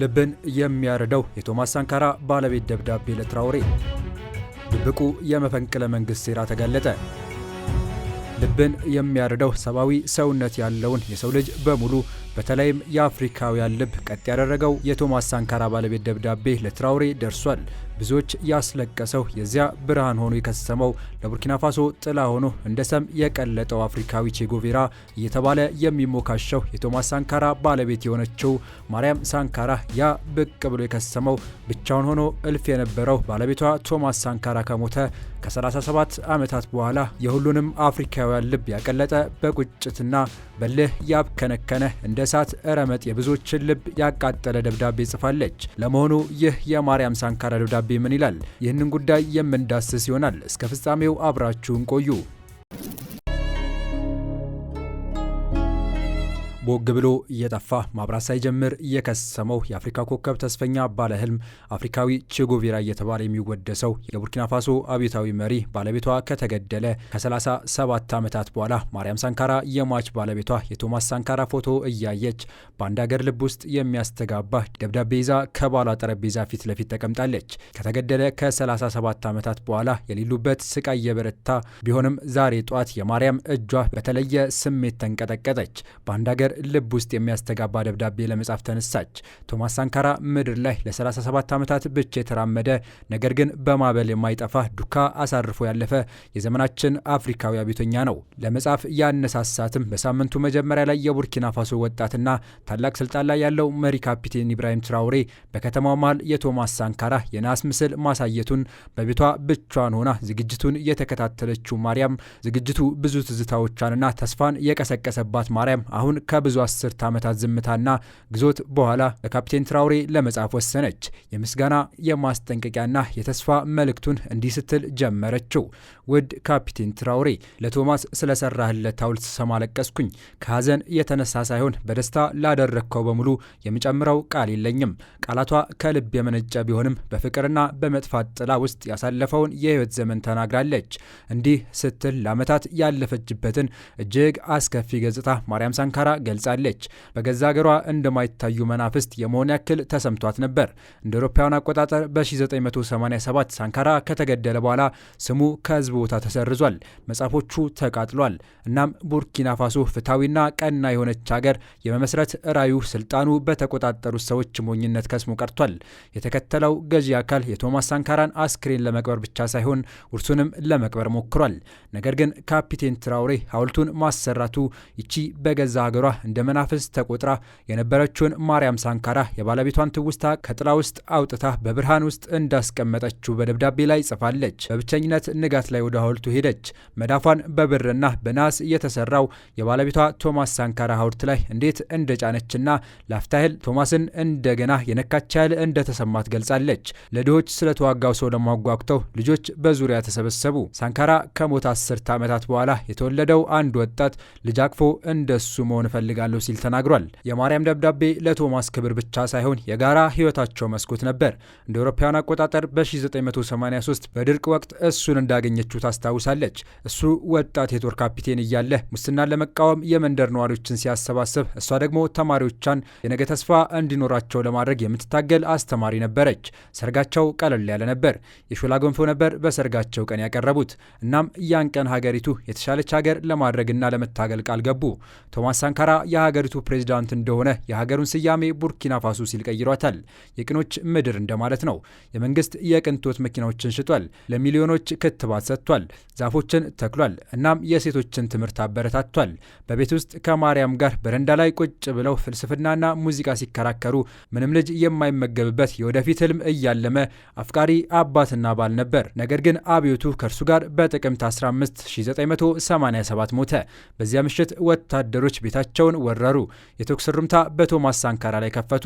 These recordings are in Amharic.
ልብን የሚያርደው የቶማስ ሳንካራ ባለቤት ደብዳቤ ለትራውሬ ድብቁ የመፈንቅለ መንግሥት ሴራ ተጋለጠ። ልብን የሚያርደው ሰብአዊ ሰውነት ያለውን የሰው ልጅ በሙሉ በተለይም የአፍሪካውያን ልብ ቀጥ ያደረገው የቶማስ ሳንካራ ባለቤት ደብዳቤ ለትራውሬ ደርሷል። ብዙዎች ያስለቀሰው የዚያ ብርሃን ሆኖ የከሰመው ለቡርኪና ፋሶ ጥላ ሆኖ እንደ ሰም የቀለጠው አፍሪካዊ ቼጎቬራ እየተባለ የሚሞካሸው የቶማስ ሳንካራ ባለቤት የሆነችው ማርያም ሳንካራ ያ ብቅ ብሎ የከሰመው ብቻውን ሆኖ እልፍ የነበረው ባለቤቷ ቶማስ ሳንካራ ከሞተ ከ37 ዓመታት በኋላ የሁሉንም አፍሪካውያን ልብ ያቀለጠ በቁጭትና በልህ ያብከነከነ እንደ እሳት ረመጥ የብዙዎችን ልብ ያቃጠለ ደብዳቤ ጽፋለች። ለመሆኑ ይህ የማርያም ሳንካራ ደብዳቤ ምን ይላል? ይህንን ጉዳይ የምንዳስስ ይሆናል። እስከ ፍጻሜው አብራችሁን ቆዩ። ቦግ ብሎ እየጠፋ ማብራት ሳይጀምር እየከሰመው የአፍሪካ ኮከብ ተስፈኛ ባለህልም አፍሪካዊ ቼጎቬራ እየተባለ የሚወደሰው የቡርኪና ፋሶ አብዮታዊ መሪ ባለቤቷ ከተገደለ ከ37 ዓመታት በኋላ ማርያም ሳንካራ የሟች ባለቤቷ የቶማስ ሳንካራ ፎቶ እያየች በአንድ አገር ልብ ውስጥ የሚያስተጋባ ደብዳቤ ይዛ ከባሏ ጠረጴዛ ፊት ለፊት ተቀምጣለች። ከተገደለ ከ37 ዓመታት በኋላ የሌሉበት ስቃይ የበረታ ቢሆንም ዛሬ ጧት የማርያም እጇ በተለየ ስሜት ተንቀጠቀጠች። በአንድ አገር ልብ ውስጥ የሚያስተጋባ ደብዳቤ ለመጻፍ ተነሳች። ቶማስ ሳንካራ ምድር ላይ ለ37 ዓመታት ብቻ የተራመደ ነገር ግን በማዕበል የማይጠፋ ዱካ አሳርፎ ያለፈ የዘመናችን አፍሪካዊ አቤተኛ ነው። ለመጻፍ ያነሳሳትም በሳምንቱ መጀመሪያ ላይ የቡርኪና ፋሶ ወጣትና ታላቅ ስልጣን ላይ ያለው መሪ ካፒቴን ኢብራሂም ትራውሬ በከተማው መሃል የቶማስ ሳንካራ የነሐስ ምስል ማሳየቱን በቤቷ ብቻዋን ሆና ዝግጅቱን የተከታተለችው ማርያም ዝግጅቱ ብዙ ትዝታዎቿንና ተስፋን የቀሰቀሰባት ማርያም አሁን ከብ ከብዙ አስርት ዓመታት ዝምታና ግዞት በኋላ ለካፕቴን ትራውሬ ለመጻፍ ወሰነች። የምስጋና የማስጠንቀቂያና የተስፋ መልእክቱን እንዲህ ስትል ጀመረችው። ውድ ካፕቴን ትራውሬ ለቶማስ ስለሰራህለት ሐውልት ሰማለቀስኩኝ። ከሐዘን የተነሳ ሳይሆን በደስታ ላደረግከው በሙሉ የምጨምረው ቃል የለኝም። ቃላቷ ከልብ የመነጨ ቢሆንም በፍቅርና በመጥፋት ጥላ ውስጥ ያሳለፈውን የህይወት ዘመን ተናግራለች። እንዲህ ስትል ለዓመታት ያለፈችበትን እጅግ አስከፊ ገጽታ ማርያም ሳንካራ ገልጻለች። በገዛ ሀገሯ እንደማይታዩ መናፍስት የመሆን ያክል ተሰምቷት ነበር። እንደ አውሮፓውያን አቆጣጠር በ1987 ሳንካራ ከተገደለ በኋላ ስሙ ከህዝብ ቦታ ተሰርዟል፣ መጽሐፎቹ ተቃጥሏል። እናም ቡርኪና ፋሶ ፍትሐዊና ቀና የሆነች ሀገር የመመስረት ራዩ ስልጣኑ በተቆጣጠሩት ሰዎች ሞኝነት ከስሙ ቀርቷል። የተከተለው ገዢ አካል የቶማስ ሳንካራን አስክሬን ለመቅበር ብቻ ሳይሆን ውርሱንም ለመቅበር ሞክሯል። ነገር ግን ካፒቴን ትራውሬ ሐውልቱን ማሰራቱ ይቺ በገዛ ሀገሯ እንደ መናፍስት ተቆጥራ የነበረችውን ማርያም ሳንካራ የባለቤቷን ትውስታ ከጥላ ውስጥ አውጥታ በብርሃን ውስጥ እንዳስቀመጠችው በደብዳቤ ላይ ጽፋለች። በብቸኝነት ንጋት ላይ ወደ ሐውልቱ ሄደች። መዳፏን በብርና በነሐስ የተሰራው የባለቤቷ ቶማስ ሳንካራ ሐውልት ላይ እንዴት እንደጫነችና ላፍታ ያህል ቶማስን እንደገና የነካች ያህል እንደተሰማት ገልጻለች። ለድሆች ስለተዋጋው ሰው ለማጓጉተው ልጆች በዙሪያ ተሰበሰቡ። ሳንካራ ከሞት አስርት ዓመታት በኋላ የተወለደው አንድ ወጣት ልጅ አቅፎ እንደሱ መሆን ፈለ እፈልጋለሁ ሲል ተናግሯል። የማርያም ደብዳቤ ለቶማስ ክብር ብቻ ሳይሆን የጋራ ህይወታቸው መስኮት ነበር። እንደ አውሮፓውያን አቆጣጠር በ1983 በድርቅ ወቅት እሱን እንዳገኘችው ታስታውሳለች። እሱ ወጣት የጦር ካፒቴን እያለ ሙስናን ለመቃወም የመንደር ነዋሪዎችን ሲያሰባስብ፣ እሷ ደግሞ ተማሪዎቿን የነገ ተስፋ እንዲኖራቸው ለማድረግ የምትታገል አስተማሪ ነበረች። ሰርጋቸው ቀለል ያለ ነበር። የሾላ ገንፎ ነበር በሰርጋቸው ቀን ያቀረቡት። እናም ያን ቀን ሀገሪቱ የተሻለች ሀገር ለማድረግና ለመታገል ቃል ገቡ። ቶማስ ሳንካራ የሀገሪቱ ፕሬዚዳንት እንደሆነ የሀገሩን ስያሜ ቡርኪና ፋሶ ሲል ቀይሯታል። የቅኖች ምድር እንደማለት ነው። የመንግስት የቅንጦት መኪናዎችን ሽጧል። ለሚሊዮኖች ክትባት ሰጥቷል። ዛፎችን ተክሏል። እናም የሴቶችን ትምህርት አበረታቷል። በቤት ውስጥ ከማርያም ጋር በረንዳ ላይ ቁጭ ብለው ፍልስፍናና ሙዚቃ ሲከራከሩ ምንም ልጅ የማይመገብበት የወደፊት ህልም እያለመ አፍቃሪ አባትና ባል ነበር። ነገር ግን አብዮቱ ከእርሱ ጋር በጥቅምት 15 1987 ሞተ። በዚያ ምሽት ወታደሮች ቤታቸው ቤታቸውን ወረሩ። የተኩስ ርምታ በቶማስ ሳንካራ ላይ ከፈቱ።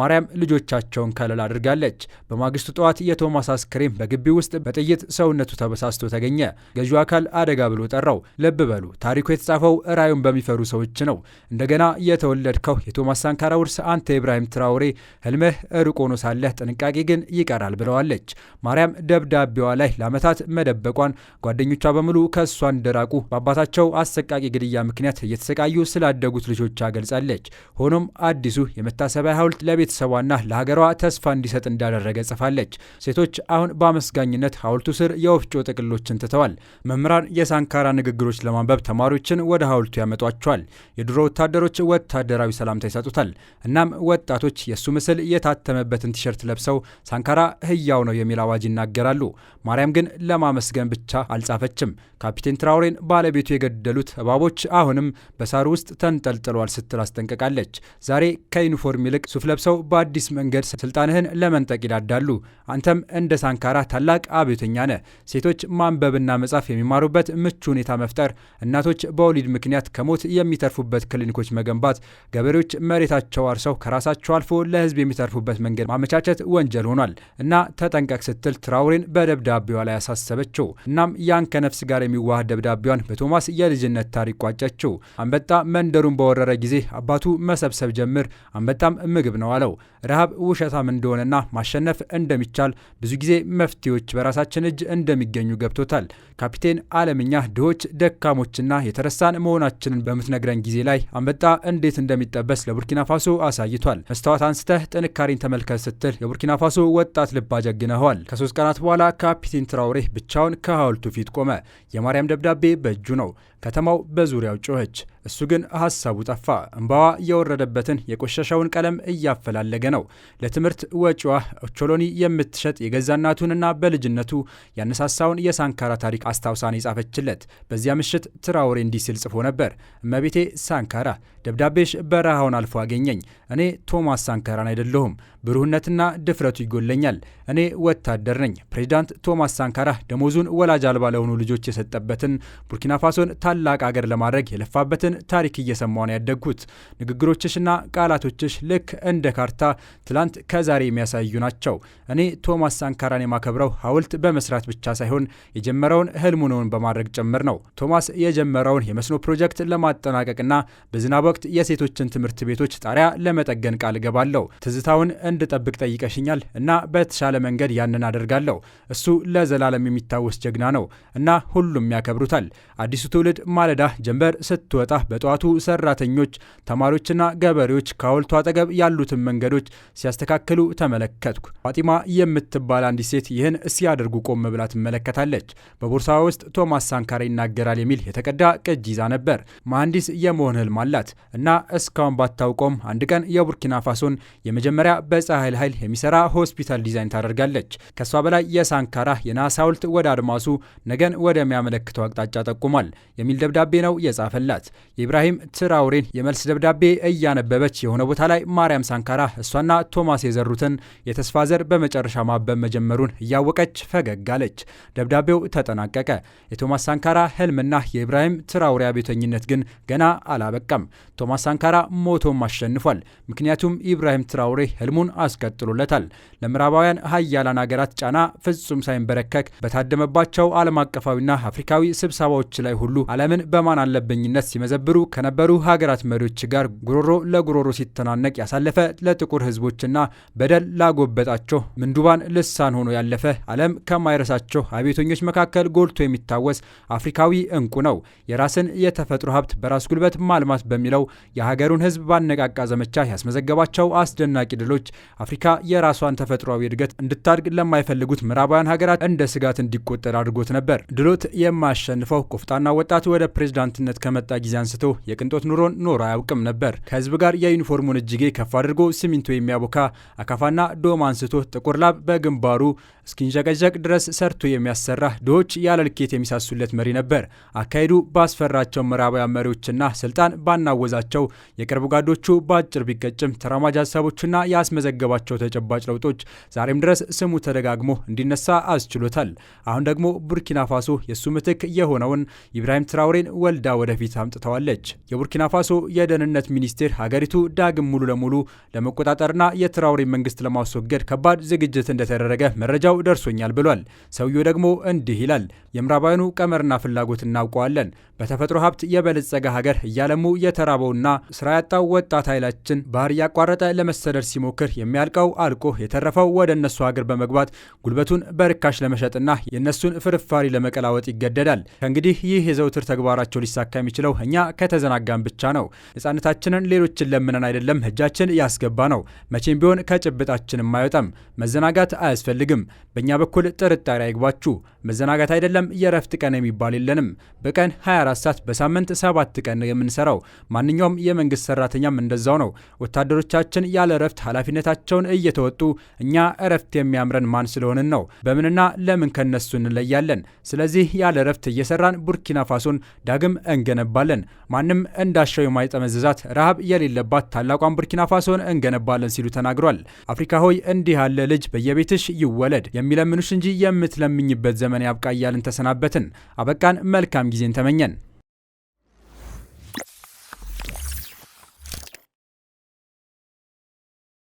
ማርያም ልጆቻቸውን ከለል አድርጋለች። በማግስቱ ጠዋት የቶማስ አስክሬም በግቢ ውስጥ በጥይት ሰውነቱ ተበሳስቶ ተገኘ። ገዢው አካል አደጋ ብሎ ጠራው። ለብ በሉ ታሪኩ የተጻፈው ራዩን በሚፈሩ ሰዎች ነው። እንደገና የተወለድከው የቶማስ ሳንካራ ውርስ አንተ ኢብራሂም ትራውሬ ህልምህ ሩቅ ሆኖ ሳለህ ጥንቃቄ ግን ይቀራል ብለዋለች። ማርያም ደብዳቤዋ ላይ ለዓመታት መደበቋን ጓደኞቿ በሙሉ ከእሷ እንደራቁ በአባታቸው አሰቃቂ ግድያ ምክንያት እየተሰቃዩ ስላደጉት ለነበሩት ልጆቿ ገልጻለች። ሆኖም አዲሱ የመታሰቢያ ሐውልት ለቤተሰቧና ለሀገሯ ተስፋ እንዲሰጥ እንዳደረገ ጽፋለች። ሴቶች አሁን በአመስጋኝነት ሐውልቱ ስር የወፍጮ ጥቅሎችን ትተዋል። መምህራን የሳንካራ ንግግሮች ለማንበብ ተማሪዎችን ወደ ሐውልቱ ያመጧቸዋል። የድሮ ወታደሮች ወታደራዊ ሰላምታ ይሰጡታል። እናም ወጣቶች የእሱ ምስል የታተመበትን ቲሸርት ለብሰው ሳንካራ ህያው ነው የሚል አዋጅ ይናገራሉ። ማርያም ግን ለማመስገን ብቻ አልጻፈችም። ካፒቴን ትራውሬን ባለቤቱ የገደሉት እባቦች አሁንም በሳሩ ውስጥ ተንጠል ተንጠልጥለዋል ስትል አስጠንቅቃለች። ዛሬ ከዩኒፎርም ይልቅ ሱፍ ለብሰው በአዲስ መንገድ ስልጣንህን ለመንጠቅ ይዳዳሉ። አንተም እንደ ሳንካራ ታላቅ አብዮተኛ ነህ። ሴቶች ማንበብና መጻፍ የሚማሩበት ምቹ ሁኔታ መፍጠር፣ እናቶች በወሊድ ምክንያት ከሞት የሚተርፉበት ክሊኒኮች መገንባት፣ ገበሬዎች መሬታቸው አርሰው ከራሳቸው አልፎ ለህዝብ የሚተርፉበት መንገድ ማመቻቸት ወንጀል ሆኗል እና ተጠንቀቅ ስትል ትራውሬን በደብዳቤዋ ላይ ያሳሰበችው። እናም ያን ከነፍስ ጋር የሚዋሃድ ደብዳቤዋን በቶማስ የልጅነት ታሪክ ቋጨችው። አንበጣ መንደሩን በወረረ ጊዜ አባቱ መሰብሰብ ጀምር፣ አንበጣም ምግብ ነው አለው። ረሃብ ውሸታም እንደሆነና ማሸነፍ እንደሚቻል ብዙ ጊዜ መፍትሄዎች በራሳችን እጅ እንደሚገኙ ገብቶታል። ካፒቴን አለምኛ ድሆች፣ ደካሞችና የተረሳን መሆናችንን በምትነግረን ጊዜ ላይ አንበጣ እንዴት እንደሚጠበስ ለቡርኪና ፋሶ አሳይቷል። መስታወት አንስተህ ጥንካሬን ተመልከት ስትል የቡርኪና ፋሶ ወጣት ልብ አጀግነዋል። ከሶስት ቀናት በኋላ ካፒቴን ትራውሬ ብቻውን ከሐውልቱ ፊት ቆመ። የማርያም ደብዳቤ በእጁ ነው። ከተማው በዙሪያው ጮኸች። እሱ ግን ሀሳቡ ጠፋ። እምባዋ የወረደበትን የቆሻሻውን ቀለም እያፈላለገ ነው። ለትምህርት ወጪዋ ኦቾሎኒ የምትሸጥ የገዛ እናቱንና በልጅነቱ ያነሳሳውን የሳንካራ ታሪክ አስታውሳን የጻፈችለት በዚያ ምሽት ትራውሬ እንዲህ ሲል ጽፎ ነበር። እመቤቴ ሳንካራ ደብዳቤሽ በረሃውን አልፎ አገኘኝ። እኔ ቶማስ ሳንካራን አይደለሁም። ብሩህነትና ድፍረቱ ይጎለኛል። እኔ ወታደር ነኝ። ፕሬዚዳንት ቶማስ ሳንካራ ደሞዙን ወላጅ አልባ ለሆኑ ልጆች የሰጠበትን ቡርኪና ፋሶን ታላቅ አገር ለማድረግ የለፋበትን የአንቺን ታሪክ እየሰማሁ ነው ያደግኩት። ንግግሮችሽና ቃላቶችሽ ልክ እንደ ካርታ ትላንት ከዛሬ የሚያሳዩ ናቸው። እኔ ቶማስ ሳንካራን የማከብረው ሐውልት በመስራት ብቻ ሳይሆን የጀመረውን ህልሙን በማድረግ ጭምር ነው። ቶማስ የጀመረውን የመስኖ ፕሮጀክት ለማጠናቀቅና በዝናብ ወቅት የሴቶችን ትምህርት ቤቶች ጣሪያ ለመጠገን ቃል እገባለሁ። ትዝታውን እንድጠብቅ ጠይቀሽኛል እና በተሻለ መንገድ ያንን አደርጋለሁ። እሱ ለዘላለም የሚታወስ ጀግና ነው እና ሁሉም ያከብሩታል። አዲሱ ትውልድ ማለዳ ጀንበር ስትወጣ በጠዋቱ ሰራተኞች፣ ተማሪዎችና ገበሬዎች ከሐውልቱ አጠገብ ያሉትን መንገዶች ሲያስተካክሉ ተመለከትኩ። ፋጢማ የምትባል አንዲት ሴት ይህን ሲያደርጉ ቆም ብላ ትመለከታለች። በቦርሳ ውስጥ ቶማስ ሳንካራ ይናገራል የሚል የተቀዳ ቅጅ ይዛ ነበር። መሐንዲስ የመሆን ህልም አላት እና እስካሁን ባታውቆም አንድ ቀን የቡርኪና ፋሶን የመጀመሪያ በፀሐይ ኃይል የሚሰራ ሆስፒታል ዲዛይን ታደርጋለች። ከእሷ በላይ የሳንካራ የነሐስ ሐውልት ወደ አድማሱ ነገን ወደሚያመለክተው አቅጣጫ ጠቁሟል የሚል ደብዳቤ ነው የጻፈላት። የኢብራሂም ትራውሬን የመልስ ደብዳቤ እያነበበች የሆነ ቦታ ላይ ማርያም ሳንካራ እሷና ቶማስ የዘሩትን የተስፋ ዘር በመጨረሻ ማበብ መጀመሩን እያወቀች ፈገግ አለች። ደብዳቤው ተጠናቀቀ። የቶማስ ሳንካራ ህልምና የኢብራሂም ትራውሬ አቤተኝነት ግን ገና አላበቃም። ቶማስ ሳንካራ ሞቶም አሸንፏል። ምክንያቱም ኢብራሂም ትራውሬ ህልሙን አስቀጥሎለታል። ለምዕራባውያን ሀያላን ሀገራት ጫና ፍጹም ሳይንበረከክ በታደመባቸው ዓለም አቀፋዊና አፍሪካዊ ስብሰባዎች ላይ ሁሉ ዓለምን በማን አለብኝነት ሲመዘብ ሲያስተባብሩ ከነበሩ ሀገራት መሪዎች ጋር ጉሮሮ ለጉሮሮ ሲተናነቅ ያሳለፈ ለጥቁር ህዝቦችና በደል ላጎበጣቸው ምንዱባን ልሳን ሆኖ ያለፈ ዓለም ከማይረሳቸው አቤተኞች መካከል ጎልቶ የሚታወስ አፍሪካዊ እንቁ ነው። የራስን የተፈጥሮ ሀብት በራስ ጉልበት ማልማት በሚለው የሀገሩን ህዝብ ባነቃቃ ዘመቻ ያስመዘገባቸው አስደናቂ ድሎች አፍሪካ የራሷን ተፈጥሯዊ እድገት እንድታድግ ለማይፈልጉት ምዕራባውያን ሀገራት እንደ ስጋት እንዲቆጠር አድርጎት ነበር። ድሎት የማያሸንፈው ቆፍጣና ወጣት ወደ ፕሬዝዳንትነት ከመጣ ጊዜ አንስቶ የቅንጦት ኑሮን ኖሮ አያውቅም ነበር። ከህዝብ ጋር የዩኒፎርሙን እጅጌ ከፍ አድርጎ ሲሚንቶ የሚያቦካ አካፋና ዶማ አንስቶ ጥቁር ላብ በግንባሩ እስኪንዠቀዠቅ ድረስ ሰርቶ የሚያሰራ ድሆች ያለ ልኬት የሚሳሱለት መሪ ነበር። አካሄዱ ባስፈራቸው ምዕራባውያን መሪዎችና ስልጣን ባናወዛቸው የቅርብ ጓዶቹ በአጭር ቢቀጭም ተራማጅ ሀሳቦችና ያስመዘገባቸው ተጨባጭ ለውጦች ዛሬም ድረስ ስሙ ተደጋግሞ እንዲነሳ አስችሎታል። አሁን ደግሞ ቡርኪና ፋሶ የእሱ ምትክ የሆነውን ኢብራሂም ትራውሬን ወልዳ ወደፊት አምጥተዋል። አስታውቃለች። የቡርኪና ፋሶ የደህንነት ሚኒስቴር ሀገሪቱ ዳግም ሙሉ ለሙሉ ለመቆጣጠርና የትራውሬ መንግስት ለማስወገድ ከባድ ዝግጅት እንደተደረገ መረጃው ደርሶኛል ብሏል። ሰውየው ደግሞ እንዲህ ይላል። የምዕራባውያኑ ቀመርና ፍላጎት እናውቀዋለን። በተፈጥሮ ሀብት የበለጸገ ሀገር እያለሙ የተራበውና ስራ ያጣው ወጣት ኃይላችን ባህር እያቋረጠ ለመሰደድ ሲሞክር የሚያልቀው አልቆ የተረፈው ወደ እነሱ ሀገር በመግባት ጉልበቱን በርካሽ ለመሸጥና የእነሱን ፍርፋሪ ለመቀላወጥ ይገደዳል። ከእንግዲህ ይህ የዘውትር ተግባራቸው ሊሳካ የሚችለው እኛ ከተዘናጋን ብቻ ነው። ነጻነታችንን ሌሎችን ለምነን አይደለም እጃችን ያስገባ ነው። መቼም ቢሆን ከጭብጣችንም አይወጣም። መዘናጋት አያስፈልግም። በእኛ በኩል ጥርጣሬ አይግባችሁ። መዘናጋት አይደለም የእረፍት ቀን የሚባል የለንም። በቀን 24 ሰዓት በሳምንት ሰባት ቀን የምንሰራው ማንኛውም የመንግስት ሰራተኛም እንደዛው ነው። ወታደሮቻችን ያለ እረፍት ኃላፊነታቸውን እየተወጡ እኛ እረፍት የሚያምረን ማን ስለሆንን ነው? በምንና ለምን ከነሱ እንለያለን? ስለዚህ ያለ እረፍት እየሰራን ቡርኪና ፋሶን ዳግም እንገነባለን። ማንም እንዳሻው የማይጠመዝዛት ረሃብ የሌለባት ታላቋን ቡርኪና ፋሶን እንገነባለን ሲሉ ተናግሯል። አፍሪካ ሆይ እንዲህ ያለ ልጅ በየቤትሽ ይወለድ፣ የሚለምኑሽ እንጂ የምትለምኝበት ዘመን ያብቃ እያልን ተሰናበትን። አበቃን። መልካም ጊዜን ተመኘን።